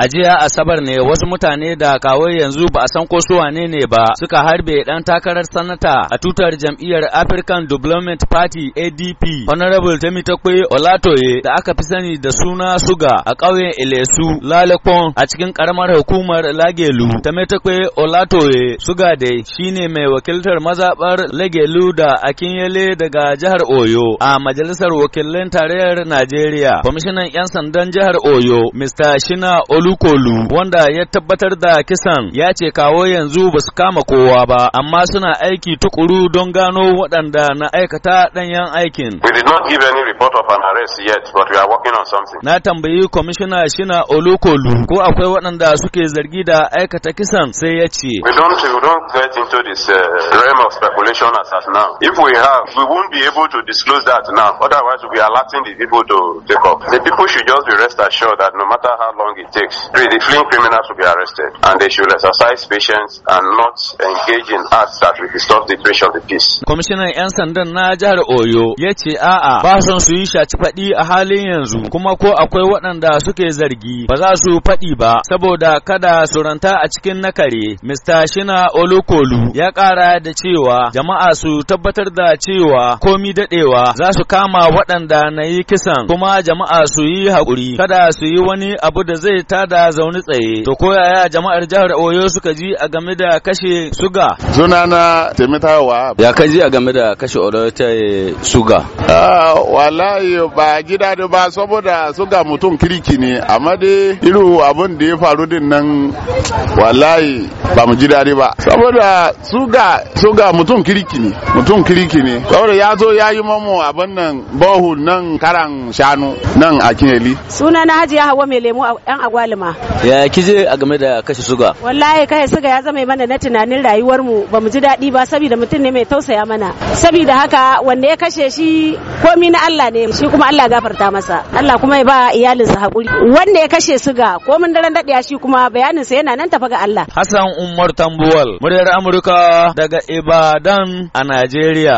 A jiya Asabar ne wasu mutane da kawai yanzu ba a san ko su wane ne ba suka harbe dan takarar sanata a tutar jam'iyyar African Development Party ADP Honorable Temi Olatoye da aka fi sani da suna Suga a ƙauyen Ilesu Lalekon a cikin karamar hukumar Lagelu. Temi Olatoye Suga dai shine mai wakiltar mazaɓar Lagelu da Akinyele daga jihar Oyo a majalisar wakilan tarayyar Najeriya. Kwamishinan 'yan sandan jihar Oyo Mr. Shina Olu kolu-kolu wanda ya tabbatar da kisan ya ce kawo yanzu ba su kama kowa ba amma suna aiki tukuru don gano waɗanda na aikata ɗanyen aikin. We give any report of an yet but we are on something. Na tambayi kwamishina Shina Olukolu ko akwai waɗanda suke zargi da aikata kisan sai ya ce. Uh, speculation If we have we won't be able to disclose that now otherwise we are alerting the people to take off. The people should just be rest assured that no matter how long it takes fleeing criminals should be arrested and they should exercise patience and not engage in acts that will disturb the creation of the peace. Kwamishinan 'yan sandan na jihar Oyo ya ce a'a ba son su yi shaci faɗi a halin yanzu kuma ko akwai waɗanda suke zargi ba za su faɗi ba saboda kada su ranta a cikin nakare. Mr. Shina Olukolu ya ƙara da cewa jama'a su tabbatar da cewa komi daɗewa za su kama waɗanda na yi kisan kuma jama'a su yi haƙuri kada su yi wani abu da zai ta da zaune tsaye to ko yaya jama'ar jihar Oyo suka ji a game da kashe suga sunana Temitawa ya kaji a game da kashe orotai suga ah, wallahi ba gida da ba saboda suga mutum kirki ne amma dai iru abin da ya faru din nan wallahi ba mu ji daɗi ba saboda suga suga mutum kirki ne mutum kirki ne saboda ya zo ya yi mamu abin nan bohu nan karan shanu nan a kinyeli suna na hajiya hawa mai lemo yan agwali malama ya kije a game da kashe suga wallahi kashe suga ya zama mana na tunanin rayuwar mu ba mu ji daɗi ba saboda mutum ne mai tausaya mana saboda haka wanda ya kashe shi komi na Allah ne shi kuma Allah gafarta masa Allah kuma ya ba iyalinsa hakuri wanda ya kashe suga ko mun daren daɗiya shi kuma bayaninsa yana nan tafa ga Allah Hassan Umar Tambuwal muryar Amurka daga Ibadan a Najeriya